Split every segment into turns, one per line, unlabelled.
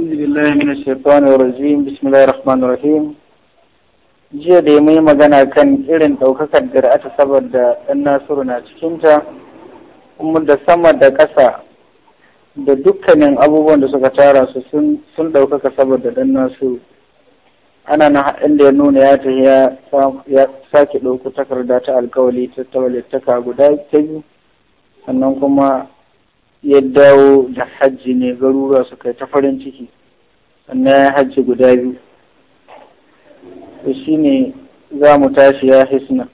أعوذ بالله من الشيطان jiya da ya mai magana kan irin ɗaukakar da aka saboda ɗan nasiru na cikinta da sama da ƙasa da dukkanin abubuwan da suka tara su sun ɗaukaka saboda ɗan ana na inda ya nuna ya sake ɗauko takarda ta alkawali ta tawalittaka guda ta biyu sannan kuma ya dawo da hajji ne garuruwa suka yi ta farin ciki sannan ya hajji guda biyu to shi ne za mu tashi ya hisna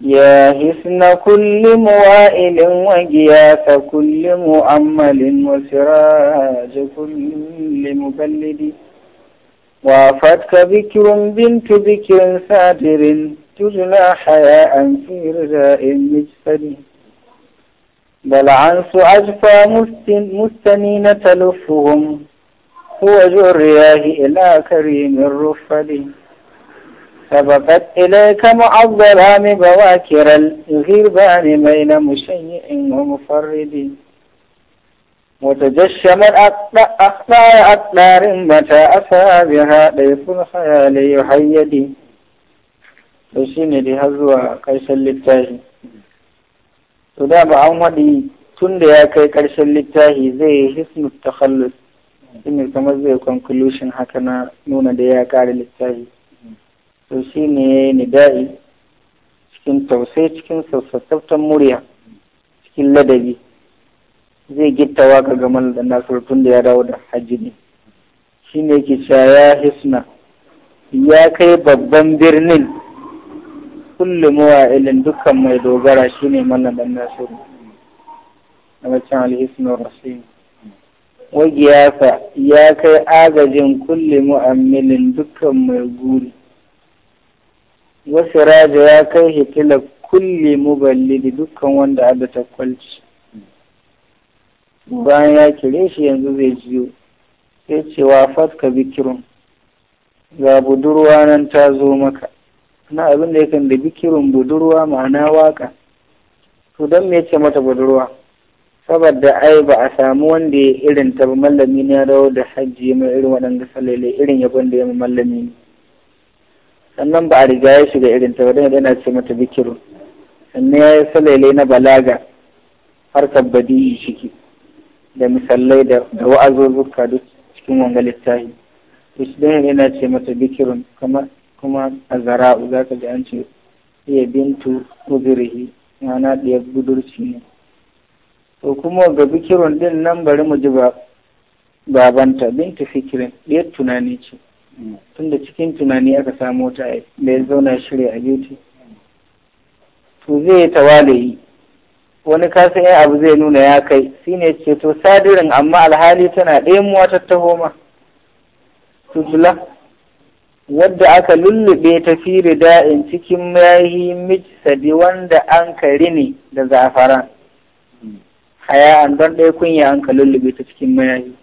ya hisna kullum muwa'ilin wa giyasa kulli mu'ammalin wa siraja kulli muballidi وافاتك بكر بنت بكر سادر تجلى حياء في رجاء مجسد بل عنص أجفى مستنين تلفهم هو جو الرياه إلى كريم الرفل سبقت إليك مع الظلام بواكر الغربان بين مشيع ومفرد وتجشمت أقطار أقطار متى أتى بها ضيف الخيال يحيدي to shi ne dai to da ba an waɗi tun da ya kai ƙarshen littafi zai yi ta takhallus shine kamar zai conclusion haka na nuna da ya ƙara littafi to shi ne nida'i cikin tausai cikin sassaftaftan murya cikin ladabi zai gitta waka ga da nasar tun da ya dawo da hajji ne shi ne ke ya hisna ya kai babban birnin kulli ilin dukkan mai dogara shine mallaban nasiru na bacin alhismin rasim wagiyasa ya kai agajin kulli mu'amilin dukkan mai guri wasu raja ya kai hitila kulli muballidi dukkan wanda ta kwalci. bayan ya kire shi yanzu zai jiyo sai cewa fatka bikirun ga budurwa nan ta zo maka na abin da yakan da bikirin budurwa ma'ana waka to don me yace mata budurwa saboda ai ba a samu wanda ya irin ta ba mallami ne ya dawo da hajji mai irin waɗanda sallale irin ya da ya mallami ne sannan ba a riga ya shiga irin ta ba don yana ce mata bikiru sannan ya yi salele na balaga harkar badi'i ciki da misalai da wa'azuzuka duk cikin wanga littafi to shi don yana ce mata bikirin kamar kuma a zara'u za ka ji an ce iya bintu uzurihi ma'ana ɗaya budurci ne to kuma ga bikirin din nan bari mu ji babanta bintu fikirin ɗaya tunani ce hmm. tunda cikin tunani aka samu ta da ya zauna shirya a gefe to zai yi tawalayi wani kasa yan abu zai nuna ya kai ne ce to sadirin amma alhali tana ɗaya muwa ta taho ma wadda aka lullube ta fi rida'in cikin mayahi sadi wanda an kari ne da zafaran an don ɗaya kunya an ka lullube ta cikin mayahi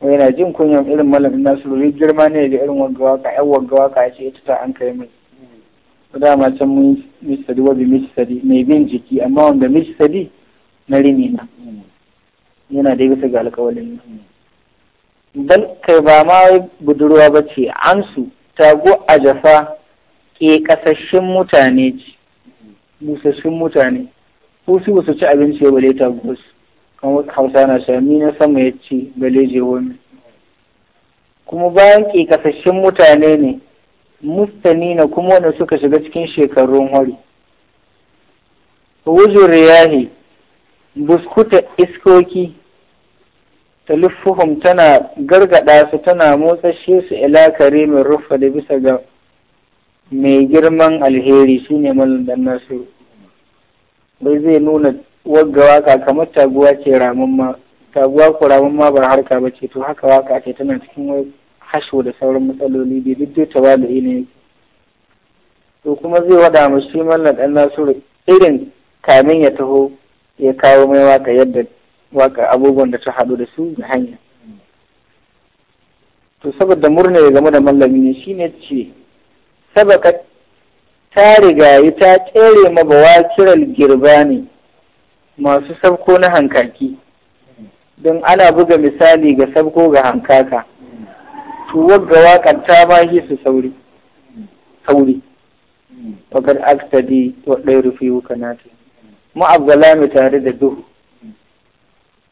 wai yana jin kunyan irin malam rubi girma ne da irin wagga waka yan wagga waka ce ita ta an kai mai dama can mun mijsadi wa bi mijsadi mai bin jiki amma wanda sadi na rini na yana da bisa ga alƙawalin nan dan kai ba ma budurwa ba ce ansu tago a jafa ke kasashen mutane ce busassun mutane su ba su ci abinci tago su hausa na shami na sama ya ci bale je wani kuma bayan ke kasashen mutane ne mustani na kuma wanda suka shiga cikin shekarun hori wujur riyahi buskuta iskoki taliffuhum tana gargada su tana motsashe su ila karimin ruffa da bisa ga mai girman alheri shine mallan dan nasu bai zai nuna wagga waka kamar taguwa ce ramin ma taguwa ko ramin ma bar harka ba ce to haka waka ce tana cikin hasho da sauran matsaloli da duk ta ba da ne to kuma zai wada mu shi mallan dan nasu irin kamin ya taho ya kawo mai waka yadda waka abubuwan da ta haɗu da su da hanya to saboda murna ya game da mallami ne shine ce sabaka ta riga yi ta tsere ma girba ne. masu sabko na hankaki don ana buga misali ga sabko ga hankaka tuwar ga waƙar ta bashi su sauri sauri wakar wa wadda rufi wuka nata mai tare da duhu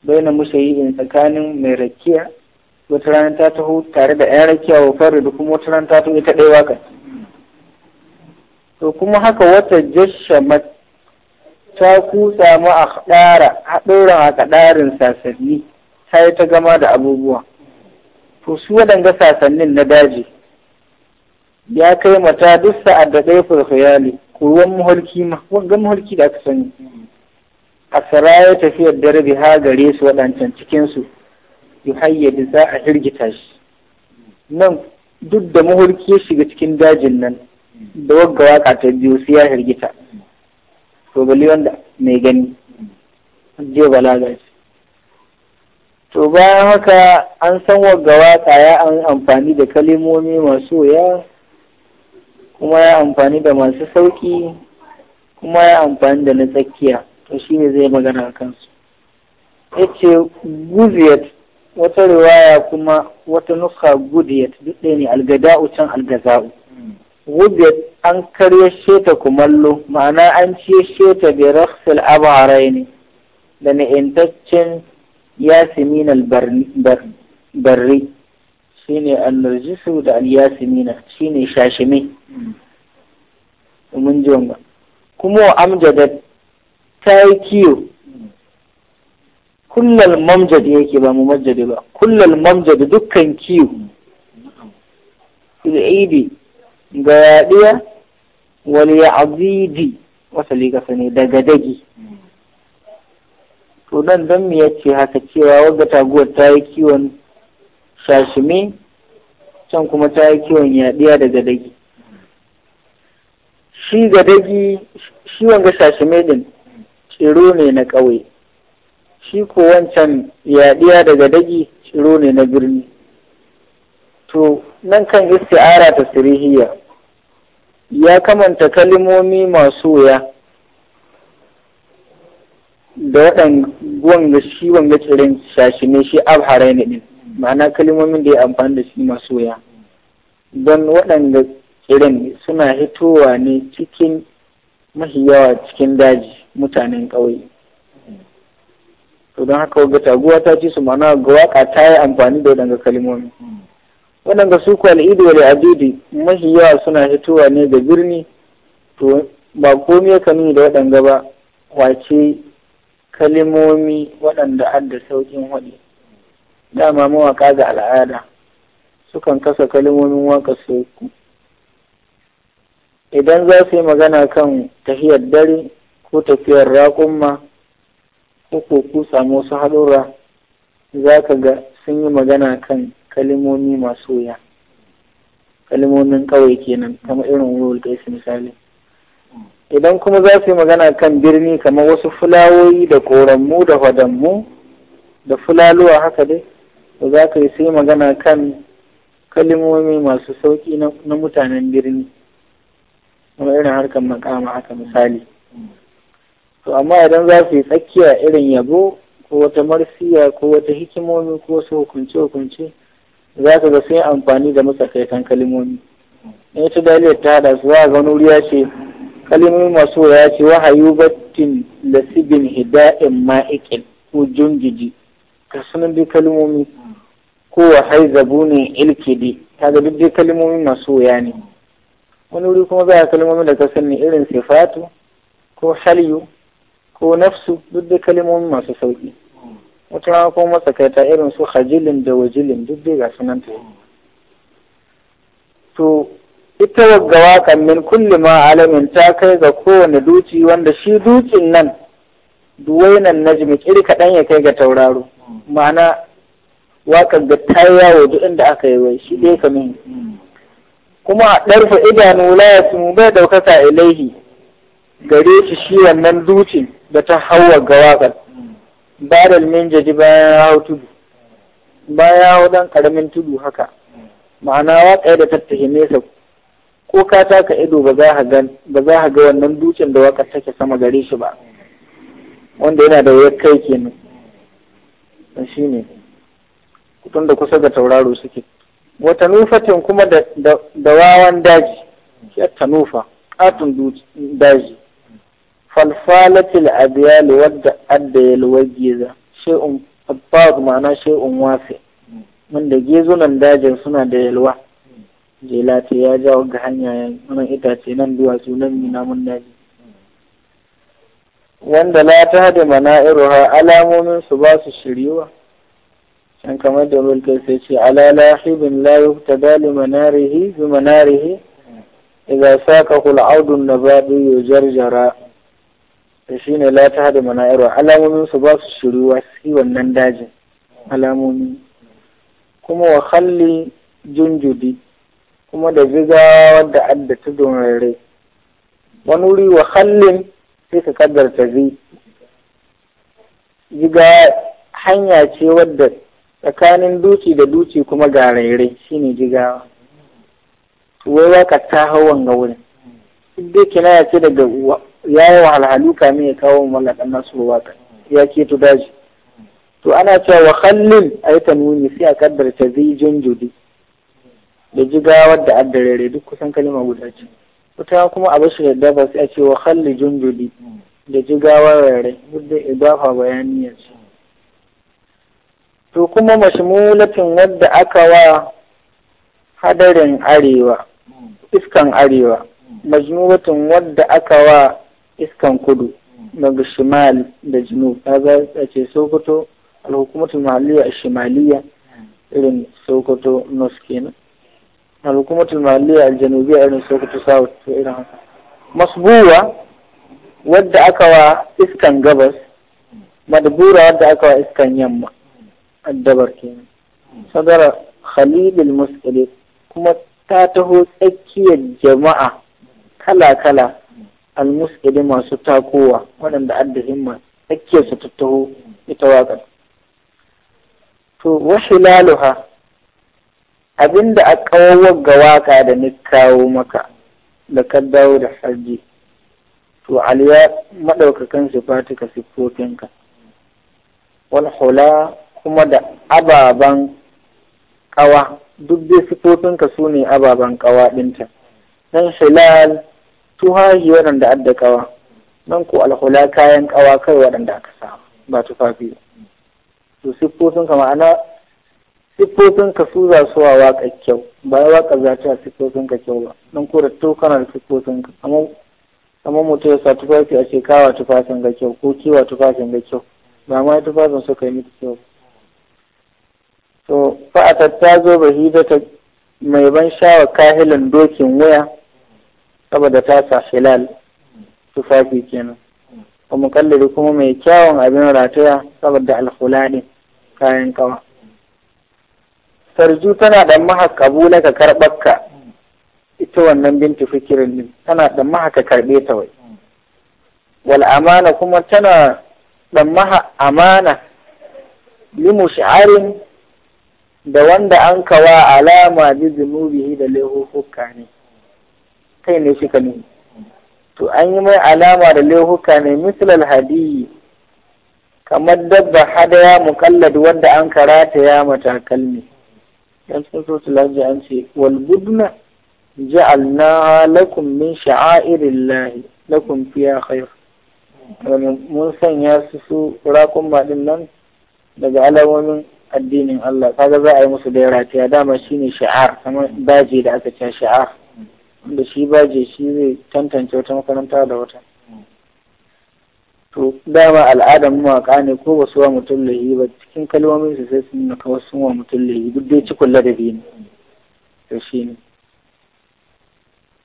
baina musayi'in tsakanin mai rakiya wata rana ta taho tare da yan rakiya wa farri da kuma wata rana ta taho ita ɗaya waka to kuma haka wata jasha ta kutsa mu a ɗara ɗora a kaɗarin sasanni ta yi ta gama da abubuwa to su waɗanga sasannin na daji ya kai mata duk sa'ad da ɗaya fulfayali ko ruwan muhalki ma wanga muhalki da aka sani asara ya tafiyar dare rabi ha gare su waɗancan cikinsu yi da za a hirgita shi nan duk da mahulki ya shiga cikin dajin nan da wagga waka ta biyu su ya hirgita to bali wanda mai gani je balaga shi to bayan haka an san wagga waka ya an amfani da kalimomi masu ya kuma ya amfani da masu sauki kuma ya amfani da na tsakiya to shi ne zai magana a kansu ya ce guziyat wata riwaya kuma wata nuska guziyat duk ɗaya ne algada'u can algaza'u guziyat an karya sheta kumallo ma'ana an ce sheta bi raksil abarai ne da na'intaccen yasimin albarri shine annarjisu da alyasimina shine shashime mun ji kuma amjadat ta yi kiyo kullal mamjadi yake ba mu majjadi ba kullal mamjadi dukkan kiyo idi ga wani wal ya'zidi wasali kasa ne daga dagi to dan dan me yace haka cewa wagga taguwar ta yi kiwon shashimi can kuma ta yi kiwon yaɗiya daga dagi shi ga dagi shi wanga shashime din tsiro ne na ƙauye shi ko wancan yaɗiya daga dagi tsiro ne na birni to nan kan isti'ara ta sirihiya ya kamanta kalimomi masu wuya da guwan da shi wanga tsirin shashi ne shi harai ne ɗin ma'ana kalimomin da ya amfani da shi masu wuya don waɗanda tsirin suna hitowa ne cikin mahi yawa cikin daji mutanen ƙauye to don haka ga taguwa ta ci su mana ga waka ta yi amfani da waɗanga kalmomi waɗanga su ku al'idu wa al'adudi mafi yawa suna hitowa ne da birni to ba komai ka nuni da waɗanga ba wace kalmomi waɗanda da sauƙin waɗi dama mawaƙa ga al'ada sukan kasa kalmomin waƙa su idan za su yi magana kan tahiyar dare ko tafiyar raƙumma ko ko ku samu wasu haɗura za ka ga sun yi magana kan kalimomi masu wuya kalimomin kawai kenan kamar irin da su misali idan kuma za su yi magana kan birni kamar wasu fulawoyi da koranmu da fadanmu da fulaluwa haka dai to za ka yi sai magana kan kalimomi masu sauƙi na mutanen birni kamar irin harkar makama haka misali to amma idan za su yi tsakiya irin yabo ko wata marsiya ko wata hikimomi ko wasu hukunce hukunce za ka ga sun amfani da matsakaitan kalimomi in ita dalilin ta hada su za a wani ce kalimomi masu ya ce wahayu da lasibin hida'in ma'ikin ko jungiji ka sunan bi kalimomi ko wahai zabunin ilkidi ga duk dai kalimomi masu wuya ne wani wuri kuma za a kalimomi da ka sani irin sifatu ko halyu ko nafsu duk da kalmomi masu sauki wata rana kuma matsakaita irin su hajilin da wajilin duk dai ga sunan ta to ita gawa waƙan min kulli ma alamin ta kai ga kowane duci wanda shi dukin nan duwainan najmi kiri kaɗan ya kai ga tauraro ma'ana waƙar da ta yi yawo duk inda aka yi wai shi dai kamin kuma a ɗarfa idanu la ya bai ɗaukaka ilaihi gare shi shi wannan dutse da ta hawa ga Ba da min jaji bayan hau tudu bayan hau dan karamin tudu haka ma'ana waƙa da tattahi nesa ko ka taka ido ba za ka ga wannan dutsen da waƙar take sama gare shi ba wanda yana da wayar kai kenan shi ne Kutun da kusa ga tauraro suke wata nufatin kuma da wawan daji ya tanufa katon daji falfalatil abiyali wadda adda ya luwagiza shi'un abbas ma'ana shi'un wafe wanda gizo nan dajin suna da yalwa jelati ya jawo ga hanya nan itace nan sunan nan minamun daji wanda la ta da mana'iruha alamomin su ba su shiryuwa can kamar da mulkin sai ce ala lahibin la yuqtada na manarihi bi sa ka saqahu al-audu an-nabati yujarjara da shi ne Lata da mana'irwa alamomin su ba su shiruwa su wannan dajin alamomi kuma wa halli junjudi kuma da ziga wadda adda tudun rare wani wuri wa hallin sai ka kaddarta zi ziga hanya ce wadda tsakanin duci da duci kuma ga shi shine jigawa wai waka ta hawan ga wurin duk dai ya ce daga ya yi wahalhalu kamin ya kawo mallakan nasu waka ya keto daji to ana cewa wa khallil ay tanwini sai a kaddar ta zai junjudi da jigawar da addarere duk kusan kalima guda ce wata kuma abu shi da ba sai a ce wa khalli junjudi da jigawar rare duk da idafa bayaniyar ce to kuma mashmulatin wadda aka wa hadarin arewa iskan arewa majmuwatin wadda aka wa iskan kudu daga shimal da jinu kaga a ce sokoto alhukumatul mahalliya a shimaliya irin sokoto nos kenan alhukumatul mahalliya a janubiya irin sokoto south irin haka masbuwa wadda aka wa iskan gabas madbura wadda aka wa iskan yamma addabar kenan sadara khalilul muslim kuma ta taho tsakiyar jama'a kala-kala almus'ili masu takowa waɗanda adda himma tsakiyar su tattaho ita waƙar to wa hilaluha abinda a ga waƙa da ni kawo maka da ka dawo da harji to aliya maɗaukakan sifatika siffofinka wal hula kuma da ababen ƙawa duk dai siffofinka su ne ababen ƙawa ɗinta don hilal tuhahi waɗanda adda kawa nan ko alhula kayan kawa kai waɗanda aka samu ba tufafi to siffofin ka ma'ana siffofin ka su za su wa ka kyau ba ya waƙa za ta siffofin ka kyau ba nan ko da to kana da siffofin ka amma mutum ya sa tufafi a ce kawa tufafin ga kyau ko kiwa tufafin ga kyau ba ma tufafin suka yi miki kyau to fa'atar ta zo ta mai ban sha wa kahilin dokin waya saboda ta sa hilal tufafi kenan wa mukallidi kuma mai kyawun abin rataya saboda alkhulani kayan kawa sarju tana da mahaka bula ka karɓarka ita wannan binti fikirin ne tana da maha ka karɓe ta wai wal amana kuma tana da maha amana limu sha'arin da wanda an kawa alama bi zunubihi da laifuka ne kai ne shi ne to an yi mai alama da laihuka ne misalar hadiyi kamar dabba hadaya mukallad wanda an karata ya matakalmi dan sun so su lafiya an ce wal budna ja'alna lakum min sha'airillahi lakum fiya khair mun sanya su su rakun din nan daga alamomin addinin Allah kaga za a yi musu da rataya dama shine sha'ar kamar daji da aka ce sha'ar wanda shi baje shi zai tantance wata makaranta da wata to dama al'adar mawaka ne ko ba su wa mutum lahi ba cikin kalmomin su sai sun naka wasu wa mutum lahi duk dai cikin ladabi ne to shi ne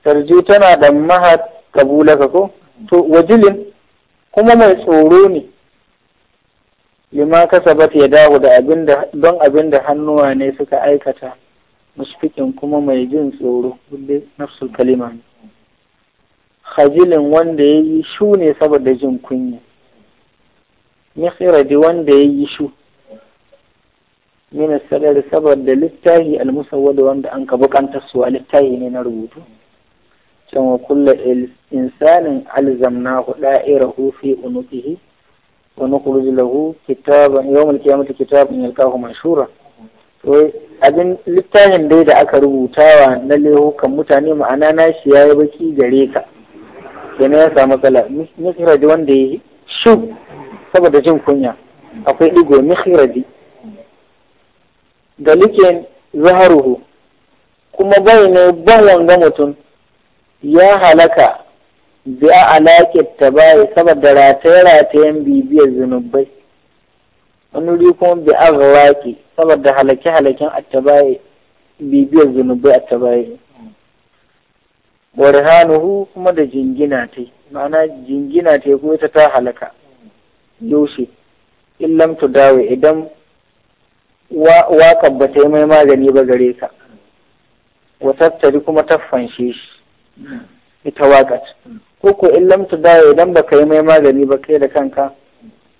tarju tana da maha kabulaka ko to wajilin kuma mai tsoro ne lima kasa ya dawo da abinda don abin da hannuwa ne suka aikata musfikin kuma mai jin tsoro kulle nafsul kalima ne khajilin wanda ya yi shu ne saboda jin kunya mikhiradi wanda ya yi shu mina da saboda littahi almusawwada wanda an ka bukantar su a littahi ne na rubutu can wa kulla insanin alzamnahu da'irahu fi unuqihi wa nukhruj lahu kitaban yawm qiyamati kitaban yalqahu mashura abin littafin dai da aka rubutawa na lehukan mutane ma'ana na shi ya yi baki gare ka kenan ya samu matsala mikhraji wanda ya shu saboda jin kunya akwai digo mikhraji da likin zaharuhu kuma bai ne ban wanga mutum ya halaka bi a alaƙar ta bai saboda rataye-ratayen bibiyar zunubai wani kuma bi a saboda halake-halaken attabai bibiyar zunubai attabai wa hu! kuma da jingina ta ma'ana jingina ta ko ita ta halaka yaushe illam tu dawo idan waƙar ba ta yi mai magani ba gare ka wa tattari kuma ta fanshe shi ita waƙar ko ko illam tu dawo idan ba ka yi mai magani ba kai da kanka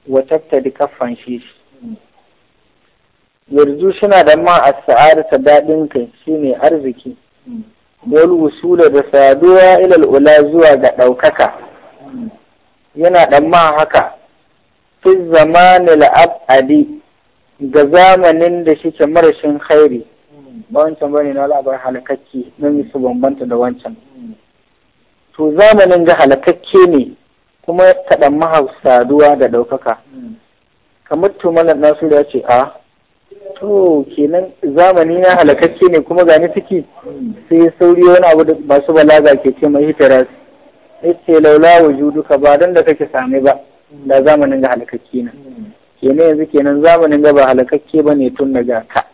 wa tattari ka fanshe shi yanzu suna da ma a sa'adata daɗin kai shine arziki wal wusula da saduwa ilal ula zuwa ga ɗaukaka yana da ma haka fi zamanil abadi ga zamanin da shike marashin khairi ba wancan bane na labar halakakki nan su bambanta da wancan to zamanin ga halakakke ne kuma ɗan mahau saduwa da ɗaukaka kamar tumalar nasu ya ce a ah, to kenan zamani na halakakke ne kuma gani suke. sai sauri wani abu da masu balaga ke ce mai hitaras ce laula wujuduka ba dan da kake same ba da zamanin ga halakacce na kenan yanzu kenan zamanin ga ba halakacce ba ne tun daga ka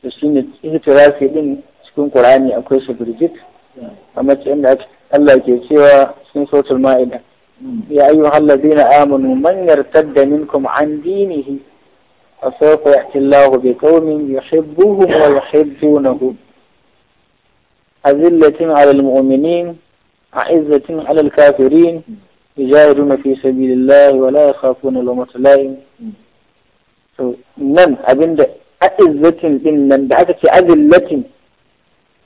to ne hitirasi din cikin qur'ani akwai su birjit a matsayin da Allah ke cewa sun sautul ma'ida ya ayyuhal ladina amanu man yartadda minkum an dinihi فسوف يأتي الله بقوم يحبهم ويحبونه أذلة على المؤمنين أعزة على الكافرين يجاهدون في سبيل الله ولا يخافون لهم تلائم من أبند أعزة إنن بعد أذلة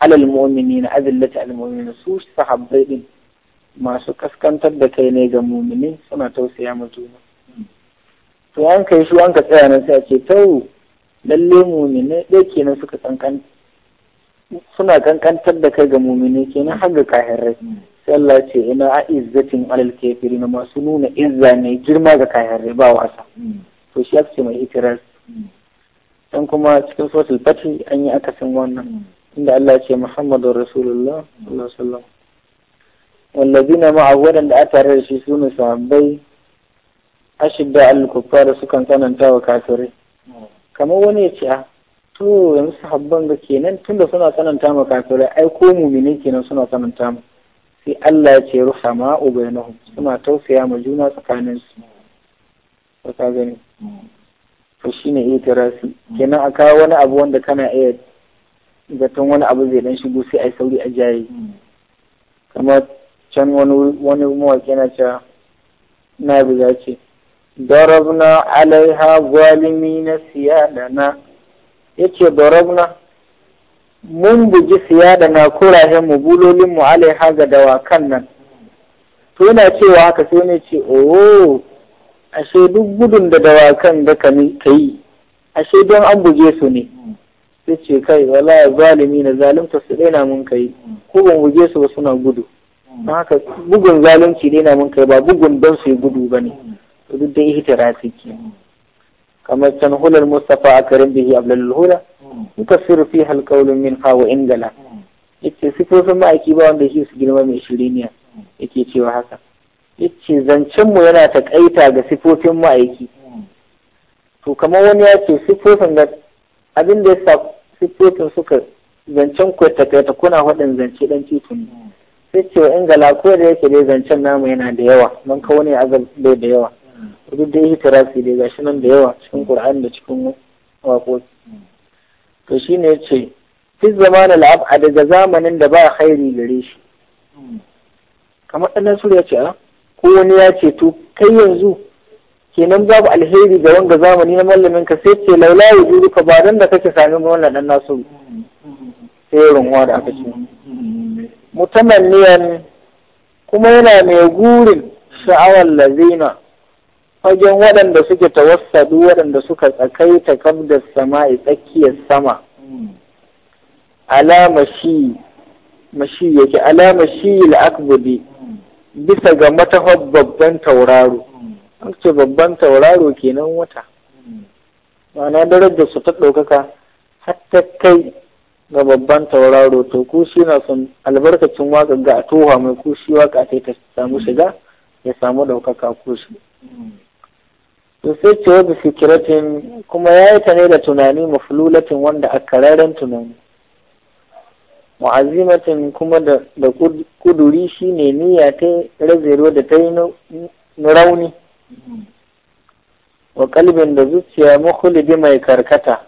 على المؤمنين أذلة على المؤمنين سوش صحب ما سكس كنت بكيني جمومنين سمع توسيع مجونة to an kai shi an ka tsaya na sai ce tau lalle mumine ɗaya kenan suka kankan suna kankantar da kai ga mumine kenan har ga kahirai sai Allah ce ina a izzatin alal kafiri na masu nuna izza ne girma ga kahirai ba wasa to shi ake mai itiras dan kuma cikin sosul fati an yi akasin wannan inda Allah ce Muhammadu Rasulullah sallallahu alaihi wasallam wallazina ma'a wadanda a tare da shi suna sahabbai ashidda al-kuffar sukan tsananta wa kafirai kamar wani ya ce a ah, to yanzu sahabban ga kenan tunda suna tsananta ma kafirai ai ko mumini kenan suna tsananta mu sai Allah ya ce ruha ma ubainahu suna tausaya ma juna tsakanin su to ka gani to shine itirasi kenan a kawo wani abu wanda kana iya zaton wani abu zai dan shigo sai ai sauri a jaye kamar can wani wani mawaki na cewa na biza ce darabna alaiha zalimina siyadana yace darabna mun buji siyadana kurahen mu bulolin mu alaiha ga dawakan nan to yana cewa haka sai ne ce oh ashe duk gudun da dawakan da ka yi ashe don an buge su ne sai ce kai wala zalimi na zalimta su daina mun kai ko ban buge su ba suna gudu don haka bugun zalunci daina mun kai ba bugun don su yi gudu ba ne to duk dai ihtirasi ke kamar Mustapha a karin bihi ablal hula siru fi halkaulun min ha wa ingala yace sifofin ma'aiki ba wanda shi su girma mai shiriniya yake cewa haka yace zancen mu yana takaita ga sifofin ma'aiki to kamar wani ya ce sifofin da abin da ya sa sifofin suka zancen ku takaita kuna faɗin zance dan titin sai ce wa ingala ko da yake dai zancen namu yana da yawa man kawo ne azab da yawa duk da yake tarafi dai gashi nan da yawa cikin Qur'ani da cikin waƙoƙi to ce, yace fi zaman al'ab a daga zamanin da ba hairi gare shi kamar ɗan sura yace a ah, ko wani ya ce to kai yanzu kenan babu alheri ga wanga zamani na mallamin ka sai ce laulayi zuru ka ba dan da kake sami wannan dan nasu sai runwa da aka ce mutamanniyan kuma yana mai gurin sha'awar lazina fagen waɗanda suke tawassadu waɗanda suka tsakaita sama a tsakiyar sama alama shi mashi yake alama shi bisa ga matahar babban tauraro an ce babban tauraro kenan wata ma'ana darajar su ta ɗaukaka har ta kai ga babban tauraro to ku shi na son albarkacin waƙa ga a towa mai ku shi waƙa ta samu shiga ya samu ɗaukaka ku shi Sosai ce wa fikiratin kuma ya yi ta ne da tunani mafululatin wanda a kararren tunani mu'azimatin kuma da kuduri shi ne niyya ta razero da ta yi rauni wa kalbin da zuciya makulidi mai karkata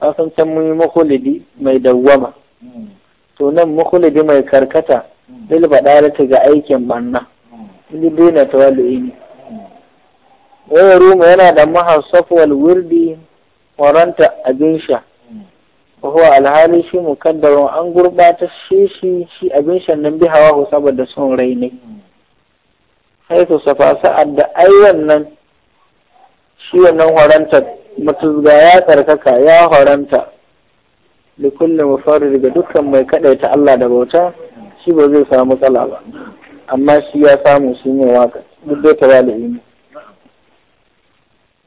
an can mun yi makulidi mai dawwama to nan makulidi mai karkata hmm. lil ga aikin banna hmm. ilibina ta waya ruma yana da mahar wal wirdi waranta abin sha huwa alhali shi mukaddarun an gurɓata shi shi shi abin sha nan bi hawa saboda son rai ne su safa sa'ad da ai wannan shi wannan matuzga ya tsarkaka ya haranta da kullum mafari daga dukkan mai ta Allah da bauta shi ba zai samu matsala ba amma shi ya samu shi ne waka duk da ta da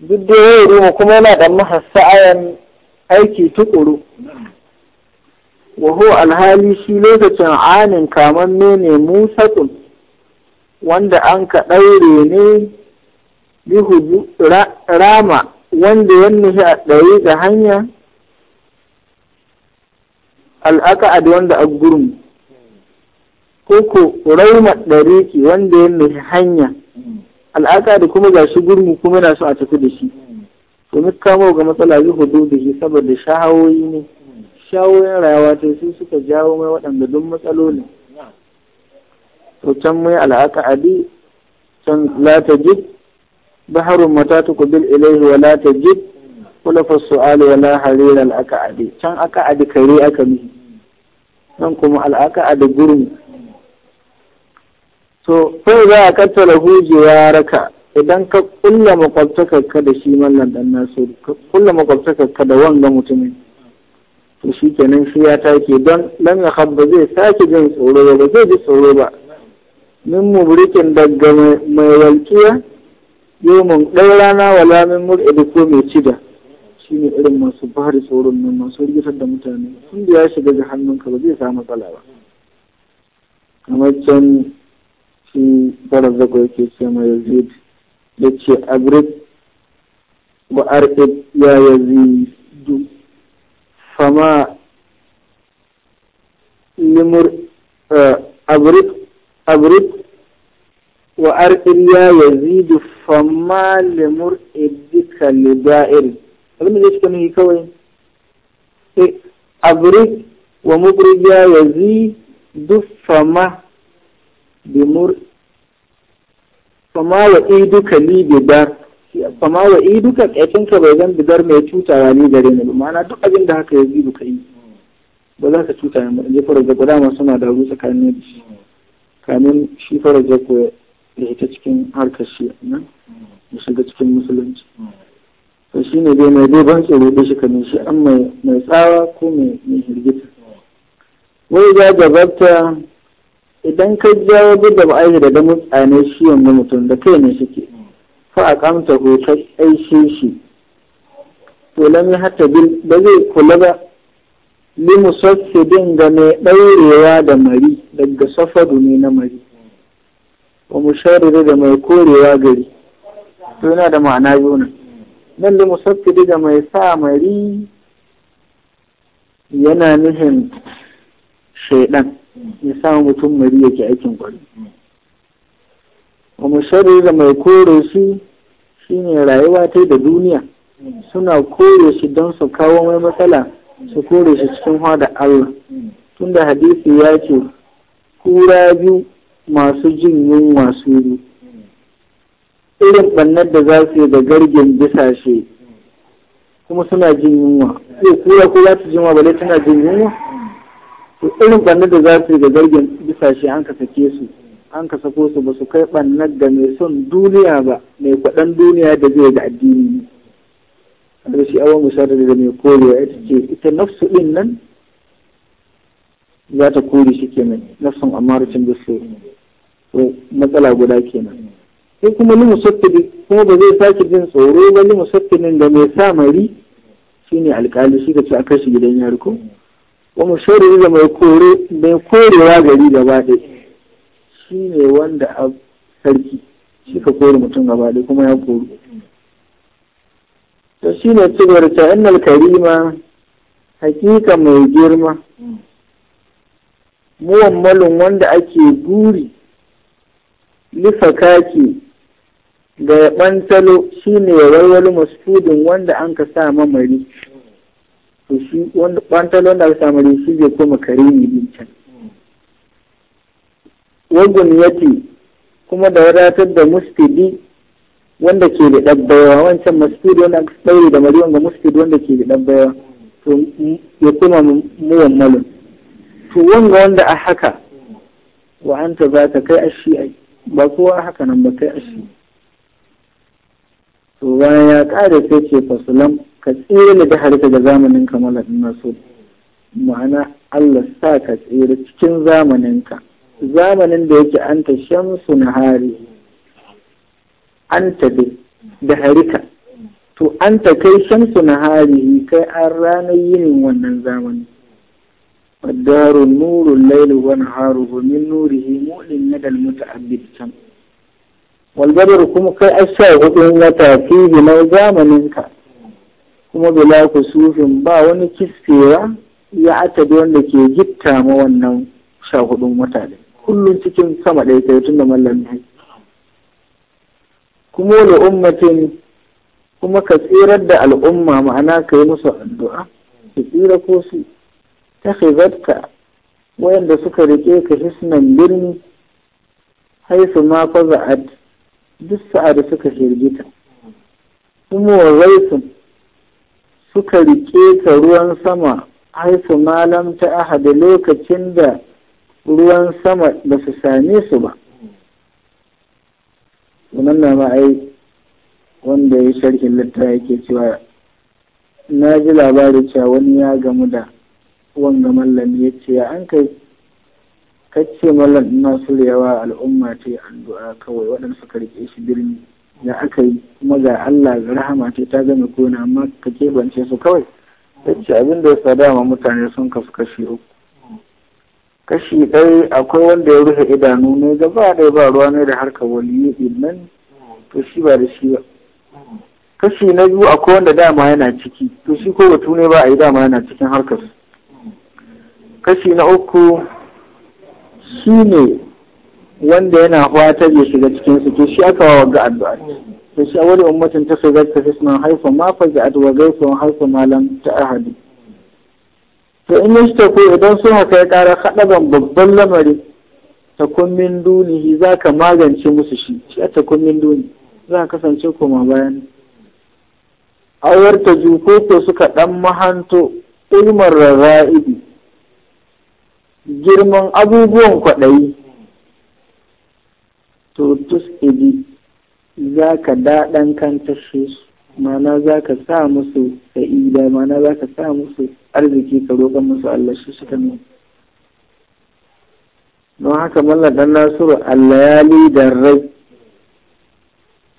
duk da ya yi kuma yana da ayan aiki tukuru waho alhali shi lokacin anin kaman ne musatun wanda an ka ɗaure ne bihu rama wanda ya nufi a ɗaure da hanya da wanda a gurin koko rauma ɗariki wanda ya nufi hanya al'aka da kuma gashi gurmi kuma yana so a tafi da shi domin kama ga matsala zai hudu da shi saboda shahawoyi ne shahawoyin rayuwa ta su suka jawo mai waɗanda duk matsaloli to can mai al'aka adi can la tajid baharun ku bil ilaihi wa la tajid kula fasu'ali wa la harira al'aka adi can aka adi kare aka mi nan kuma al'aka adi gurmi. so sai za a kattara hujiya raka idan ka kulla makwabtakarka da shi mallan dan nasiru ka kulla makwabtakarka da wanga mutumin to shi kenan shi ya take don dan ya zai sake jin tsoro ba ba zai ji tsoro ba min mubrikin daga mai walƙiya yomin ɗan rana wala min mur'idu ko mai cida shi ne irin masu bari tsoron nan masu rigitar da mutane da ya shiga ga hannunka ba zai samu matsala ba
kamar can
shi barazzago yake ce ma yazid ya ce agrib wa arib ya yazidu fama limur eh, agrib agrib
wa arib ya
yazidu fama limur ibdika liba'ir abin da zai cika mini kawai eh, agrib wa ya yazidu fama bimur fama wa iduka li bidar fama wa iduka ƙacinka bai zan bidar mai cutawa ni gare ni ba ma'ana duk abin da haka ya zidu ka yi ba za ka cuta mu je farar da dama suna da rusa kamin da shi kamin shi farar da ita cikin harkar shi nan ya shiga cikin musulunci to shi ne dai mai dai ban tsoro da shi kamin shi an mai tsawa ko mai hirgita wai ga gabata idan ka jawo duk da ba'aiki da damu shi yanzu mutum da kai ne suke fa a kamta ko ta aishe shi to lami hata bil ba zai kula ba li musaffidin ga mai ɗaurewa da mari daga safadu ne na mari wa musharire da mai korewa gari to yana da ma'ana yona nan nan li musaffidi ga mai sa mari yana nuhin shaidan ya samu mutum mari yake aikin kwari kuma sharri da mai kore su shine rayuwa ta da duniya suna kore shi don su kawo mai matsala su kore shi cikin da Allah tunda hadisi ya ce kura biyu masu jin yunwa su yi irin bannar da za su yi da gargin bisashe kuma suna jin yunwa ko kura ko za ta jima bale tana jin yunwa
to irin ɓannar da za su yi ga zargin
bisa shi an ka sake su an ka sako su ba su kai ɓannar da mai son duniya ba mai kwaɗan duniya da zai da
addini
ne shi awon misali da mai ya ita ce ita nafsu ɗin nan za ta kore shi kenan nafsun amarcin bisu to matsala guda kenan sai kuma limu sattali kuma ba zai sake jin tsoro ba limu sattalin da mai samari shine alkali shi ka ce a kashi gidan yarko wa mushari da mai kore mai korewa gari gaba ɗaya shi ne wanda a sarki shi ka kore mutum gaba ɗaya kuma ya kore to shi ne cigaba da annal karima hakika mai girma muwammalin wanda ake guri lifakaki ga ya ɓantalo shi ne walwali masfudin wanda an ka sa mamari to shi wanda bantal wanda aka samu shi zai koma kare ne din can wagun yati kuma da wadatar da mustidi wanda ke da ɗabbayawa wancan mustidi wanda aka ɗaure da mari wanda mustidi wanda ke da ɗabbayawa to ya koma muwan malin to wanga wanda a haka wa anta za ta kai ashi ba kowa haka nan ba kai ashi to bayan ya ƙare sai ce fasulam ka tsere da har da zamanin ka malamin nasu ma'ana Allah sa ka tsere cikin zamanin ka zamanin da yake an ta shamsu na hari an ta da harika to an ta kai shamsu na hari kai an ranar yinin wannan zamanin. zamani الدار نور domin ونهاره من نوره na يد المتعبد can. walgabar kuma kai asha hudun wata fihi na zamaninka kuma bila kusufin ba wani kiskewa ya atadi wanda ke gitta ma wannan sha hudun wata kullum cikin sama ɗaya kai tun da mallam ne kuma wani ummatin kuma ka tsirar da al'umma ma'ana ka yi musu addu'a ka tsira ko su ta khizatka wayanda suka rike ka hisnan birni haisu ma za'ad duk sa'ad da suka shirgita kuma wa suka riƙe ta ruwan sama su malam ta ahada lokacin da ruwan sama ba su same su ba wannan na ma'ai wanda ya sharhi litta yake cewa na ji labari cewa wani ya gamu da wanga Mallam ya ce ya an kai kacce mallam ina suryawa al'umma ta yi addu'a kawai waɗansu ka riƙe shi birni da aka yi kuma ga Allah ga rahama ce ta gama kona amma ka kebance su kawai yace abin da ya sada mutane sun kasu kashi uku kashi ɗaya akwai wanda ya rufe idanu ne gaba ɗaya ba ruwa ne da wani waliyu nan to shi ba da shi ba kashi na biyu akwai wanda dama yana ciki to shi ko batu ne ba a yi dama yana cikin harkar kashi na uku
shi ne
wanda yana ta bai shiga cikin su to shi aka wa ga addu'a to shi wani ummatin ta shiga ta fisman haifa ma fa ga addu'a su haifa malam ta ahadi to in ta ko idan sun haka ya kara hadaban babban lamari ta kummin dunihi za ka magance musu shi shi a ta kummin duni za ka kasance koma bayan awar ta ko suka dan mahanto ilmar ra'idi girman abubuwan kwaɗayi to tus ibi za ka daɗan kan shi mana za ka sa musu sa'ida mana za ka sa musu arziki ka roƙa musu Allah shi suka ne don haka mallakan nasiru li da rai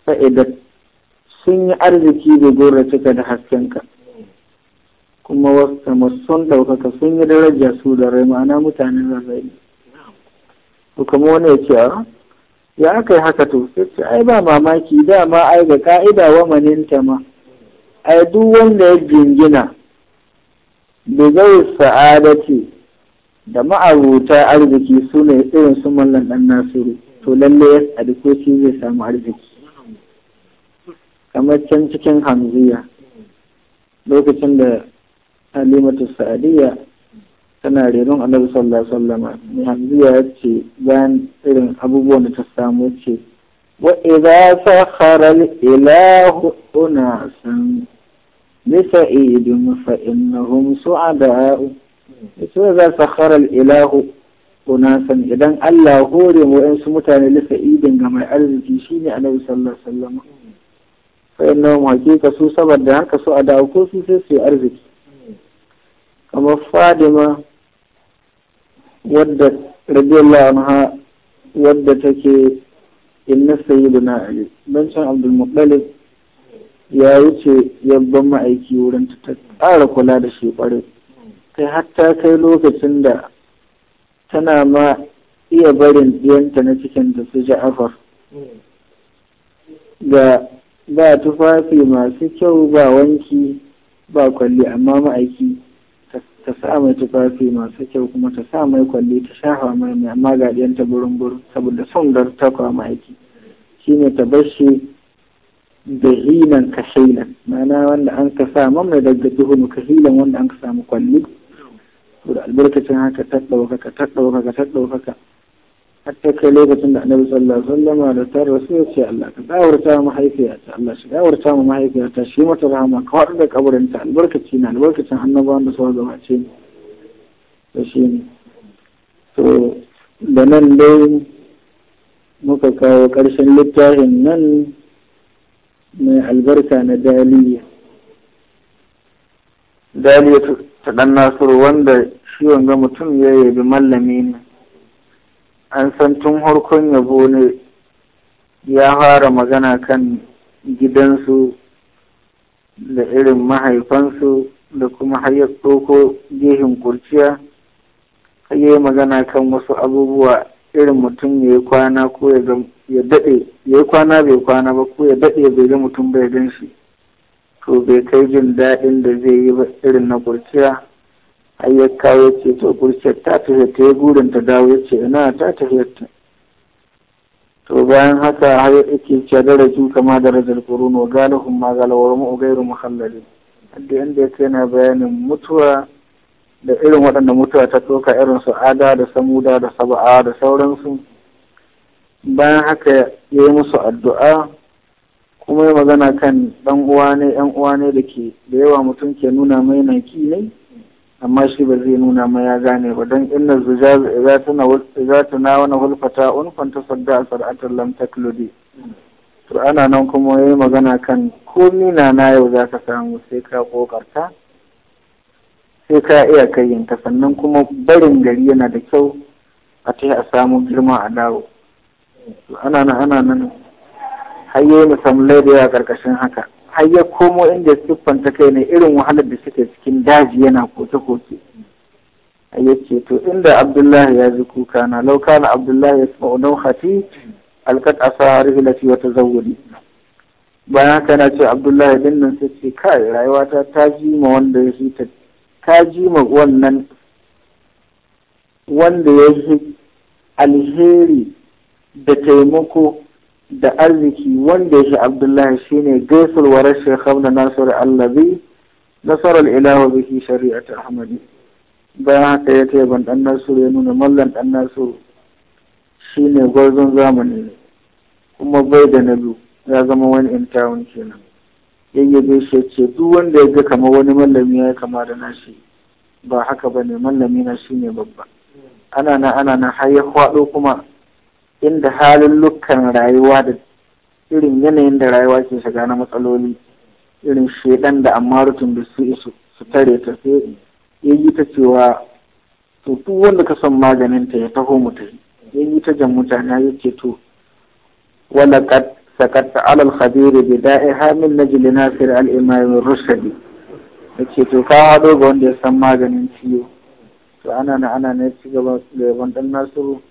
fa'ida sun yi arziki da gora cika da haskenka kuma wasu sun ɗaukaka sun yi daraja su da rai ma'ana mutanen rarrai kuma wani ya ce a ya aka yi haka to sai ai ba mamaki dama ai ga ka'ida wa maninta ma ai duk wanda ya jingina da zai sa'adati da ma'abuta arziki su ne irin su mallan dan nasiru to lalle ya sadi ko shi zai samu arziki kamar can cikin hamziya lokacin da halimatu sa'adiyya tana renon annabi sallallahu alaihi wasallama mai hamziya ya ce bayan irin abubuwan da ta samu ce wa idza sakhara al ilahu unasan bi sa'idin fa innahum su'ada to za sakhara al ilahu unasan idan Allah hore mu in su mutane lisa idin ga mai arziki shine annabi sallallahu alaihi wasallama fa innahum hakika su saboda haka su ada ko su sai su arziki kamar Fadima wadda radiyallahu anha wadda take inna sayyiduna ali dan can abdul muttalib ya wuce yabban ma'aiki wurin ta tsara kula da shi ƙwarai kai hatta kai lokacin da tana ma iya barin ɗiyanta na cikin da su ja'afar ga ba tufafi masu kyau ba wanki ba kwalli amma ma'aiki ta sa mai tufafi masu kyau kuma ta sa mai kwalli ta shafa mai mai amma gaɗiyan ta burin burin saboda son gar ta aiki shine ta bar shi da hinan kashilan mana wanda an ka sa mamai daga duhunu kashilan wanda an ka samu kwalli da albarkacin haka ta ka ta ka ta ka. hatta kai lokacin da annabi sallallahu alaihi wasallam da ta rasu ya ce Allah ka tsawarta mahaifiyata Allah shi tsawarta ma mahaifiyata shi mata rahama ka wadu da ta albarkaci na albarkacin annabawan da suka gabace ni to shi ne to da nan dai muka kawo ƙarshen littafin nan mai albarka na daliya daliya ta ɗan nasiru wanda shi wanga mutum ya yabi mallami ne an san tun harkon yabo ne ya fara magana kan gidansu da irin mahaifansu da kuma har ya ɗauko kurciya har yi magana kan wasu abubuwa irin mutum ya yi kwana ko ya daɗe ya yi kwana bai kwana ba ko ya daɗe bai ga mutum bai gan shi to bai kai jin daɗin da zai yi ba irin na kurciya Ayyaka ya ce to kurciyar ta tafiya ta yi gurin ta dawo ya ce ina ta tafiya ta to bayan haka har ke ce daraju kama darajar kurun galihun ma galawar mu gairu muhallali da yadda ya kai na bayanin mutuwa da irin waɗanda mutuwa ta toka irin su ada da samuda da saba'a da sauransu bayan haka ya yi musu addu'a kuma ya magana kan ɗan uwa ne ɗan uwa ne da ke da yawa mutum ke nuna mai naki ne amma shi ba zai nuna ma ya gane ba don inna za ta na wani hulfata un kwanta sadda sar'atan Lamtak lodi to ana nan kuma yi magana kan ko na yau za ka samu sai ka kokarta sai ka iya kayyanta sannan kuma barin gari yana da kyau a ta a samu girma a dawo ana nan ana nan har yayi da yawa karkashin haka har ya komo inda siffanta kai ne irin wahalar da suke cikin daji yana koke-koke ya ce to inda abdullahi ya ji kuka na lauka na abdullahi ya sama unau hati alkat asa rihilati wata zawuri bayan haka na ce abdullahi din nan sai ce kai rayuwata ta jima ma wanda ya shi ta ta wannan wanda ya yi alheri da taimako da arziki wanda yake abdullahi shine gaisul wa rashin hamna nasar allazi nasar al'ilahu biki shari'at ahmadi bayan haka ya ce ban dan ya nuna mallan dan shi shine gwarzon zamani ne kuma bai da na ya zama wani in town kenan yayyabe shi ce duk wanda ya ga kamar wani mallami ya kama da nashi ba haka ba ne mallami na shine babba ana nan ana nan har ya kwaɗo kuma inda halin lukkan rayuwa da irin yanayin da rayuwa ke shiga na matsaloli irin shaidan da amma rutun da su isu su tare ta sai ya yi ta cewa to duk wanda ka son maganin ta ya taho mutum yi ta jan mutane ce to wala kad سكت على الخبير بدائها من نجل ناصر الإمام الرشدي yake to ka hado ga wanda ya san maganin ciwo to ana na ana ne ci gaba da yaban ɗan nasiru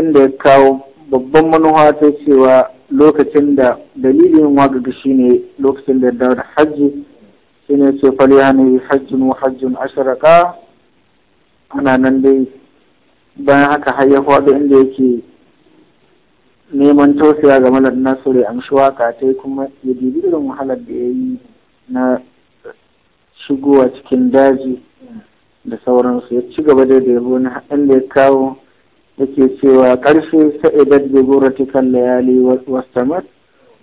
inda ya kawo babban manuwa ta cewa lokacin da dalilin wagaga shine lokacin da dawo da hajji shine ce falyani hajjin wa hajjin ashiraka ana nan dai bayan haka har ya faɗo inda yake neman tausaya ga malar Nasiru ya amshi ka ta kuma ya dubi wahalar da ya yi na shigowa cikin daji da sauransu ya ci gaba da yabo na inda ya kawo yake cewa ƙarfi sa'idat bi gurratikan layali wastamat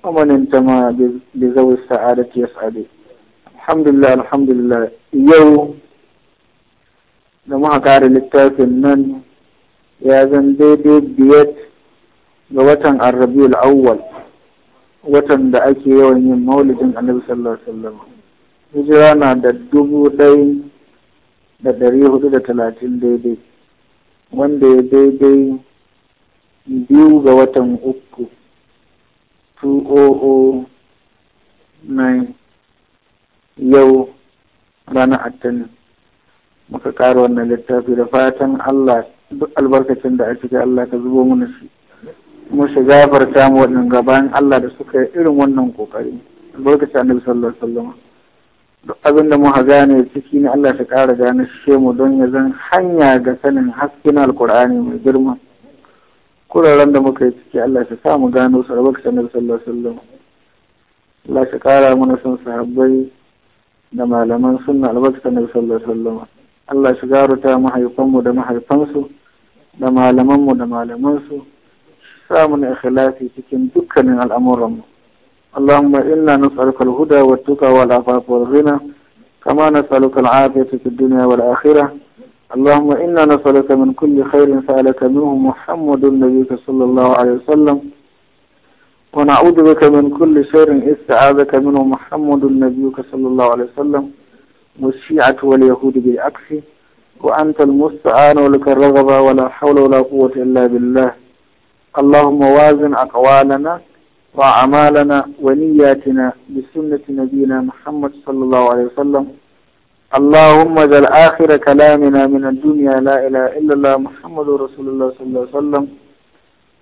wa ma intama bi zawi ta yas'adi alhamdulillah alhamdulillah yau da muka kare littafin nan ya zan daidai biyar ga watan arrabiul awwal watan da ake yawan yin maulidin annabi sallallahu alaihi wasallam hijira na da dubu ɗaya da ɗari hudu da talatin daidai wanda ya daidai biyu ga watan uku 2009 yau ranar attani muka ƙara wannan littafi da fatan Allah duk albarkacin da a ciki Allah ka zubo mana shi mu shi gafarta mu wannan gaban Allah da suka yi irin wannan kokari albarkacin annabi sallallahu alaihi wasallam duk abin da muka gane ciki ne Allah ta ƙara gane shi mu don ya zan hanya ga sanin hasken alkur'ani mai girma kuraren da muka yi ciki Allah ta sa mu gano su rabar sanar sallallahu alaihi Allah ta ƙara mana son sahabbai da malaman sunna albarka sanar sallallahu alaihi Allah shi garuta mahaifanmu da mahaifansu da malamanmu da malamansu samun ikhlasi cikin dukkanin al'amuranmu اللهم إنا نسألك الهدى والتقى والعفاف والغنى كما نسألك العافية في الدنيا والآخرة اللهم إنا نسألك من كل خير سألك منه محمد نبيك صلى الله عليه وسلم ونعوذ بك من كل شر استعاذك منه محمد نبيك صلى الله عليه وسلم والشيعة واليهود بالعكس وأنت المستعان ولك الرغبة ولا حول ولا قوة إلا بالله اللهم وازن أقوالنا وأعمالنا ونياتنا بسنة نبينا محمد صلى الله عليه وسلم اللهم اجعل آخر كلامنا من الدنيا لا إله إلا الله محمد رسول الله صلى الله عليه وسلم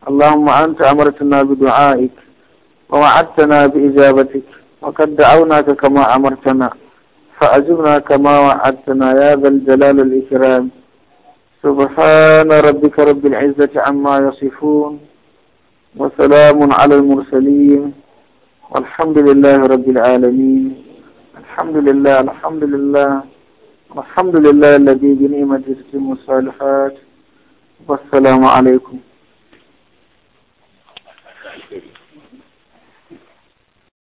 اللهم أنت أمرتنا بدعائك ووعدتنا بإجابتك وقد دعوناك كما أمرتنا فأجبنا كما وعدتنا يا ذا الجلال الإكرام سبحان ربك رب العزة عما يصفون وسلام على المرسلين والحمد لله رب العالمين الحمد لله الحمد لله الحمد لله الذي بنعمته تتم الصالحات
والسلام عليكم